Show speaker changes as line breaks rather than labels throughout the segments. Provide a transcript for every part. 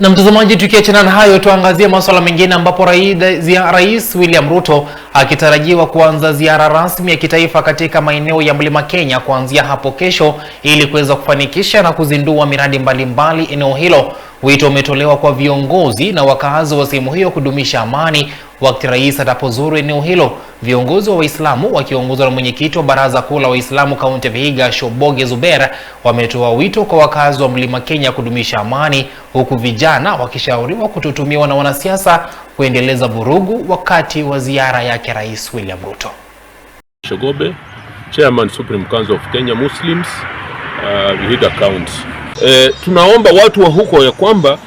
Na mtazamaji, tukiachana na hayo, tuangazie masuala mengine ambapo Rais William Ruto akitarajiwa kuanza ziara rasmi ya kitaifa katika maeneo ya Mlima Kenya kuanzia hapo kesho ili kuweza kufanikisha na kuzindua miradi mbalimbali eneo hilo. Wito umetolewa kwa viongozi na wakazi wa sehemu hiyo kudumisha amani Wakati rais atapozuru eneo hilo, viongozi wa Waislamu wakiongozwa na mwenyekiti wa Baraza Kuu la Waislamu kaunti ya Vihiga, Shoboge Zuber, wametoa wito kwa wakazi wa Mlima Kenya kudumisha amani, huku vijana wakishauriwa kutotumiwa na wanasiasa kuendeleza vurugu wakati wa ziara yake Rais William Ruto.
Shogobe, Chairman Supreme Council of Kenya Muslims, uh, Vihiga County. Eh, tunaomba watu wa huko ya kwamba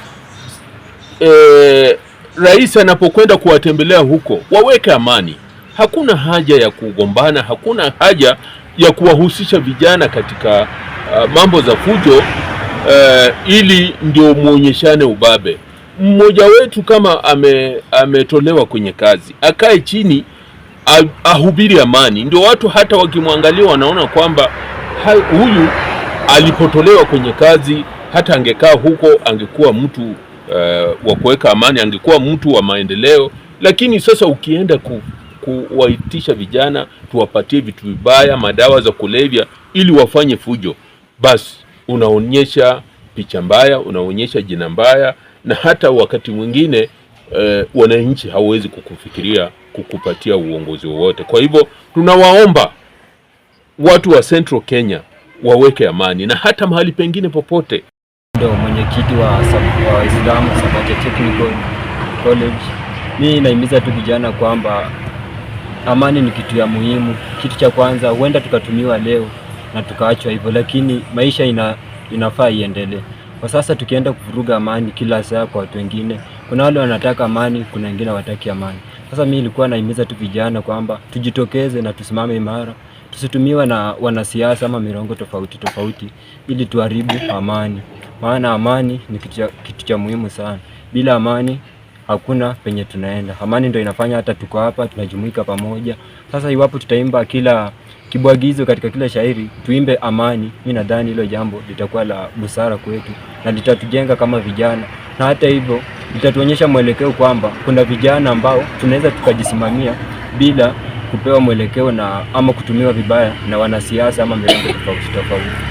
eh, rais anapokwenda kuwatembelea huko waweke amani. Hakuna haja ya kugombana, hakuna haja ya kuwahusisha vijana katika uh, mambo za fujo uh, ili ndio muonyeshane ubabe. Mmoja wetu kama ame, ametolewa kwenye kazi akae chini ahubiri amani, ndio watu hata wakimwangalia wanaona kwamba huyu alipotolewa kwenye kazi hata angekaa huko angekuwa mtu uh, wa kuweka amani, angekuwa mtu wa maendeleo. Lakini sasa ukienda ku, kuwaitisha vijana tuwapatie vitu vibaya, madawa za kulevya, ili wafanye fujo, basi unaonyesha picha mbaya, unaonyesha jina mbaya, na hata wakati mwingine eh, wananchi hawawezi kukufikiria kukupatia uongozi wowote. Kwa hivyo tunawaomba watu wa Central Kenya waweke amani na hata mahali pengine popote
Ndo mwenyekiti wa Waislamu Samakia Technical College. Mi naimiza tu vijana kwamba amani ni kitu ya muhimu. Kitu cha kwanza, huenda tukatumiwa leo na tukaachwa hivyo, lakini maisha ina, inafaa iendelee. Kwa sasa tukienda kuvuruga amani kila saa kwa watu wengine, kuna wale wanataka amani, kuna wengine hawataki amani. Sasa mimi nilikuwa naimiza tu vijana kwamba tujitokeze na tusimame imara, tusitumiwe na wanasiasa ama mirongo tofauti tofauti ili tuharibu amani, maana amani ni kitu cha muhimu sana. Bila amani hakuna penye tunaenda. Amani ndio inafanya hata tuko hapa tunajumuika pamoja. Sasa iwapo tutaimba kila kibwagizo katika kila shairi tuimbe amani, mimi nadhani hilo jambo litakuwa la busara kwetu na litatujenga kama vijana, na hata hivyo itatuonyesha mwelekeo kwamba kuna vijana ambao tunaweza tukajisimamia bila kupewa mwelekeo na ama kutumiwa vibaya na wanasiasa ama mirengo tofauti tofauti.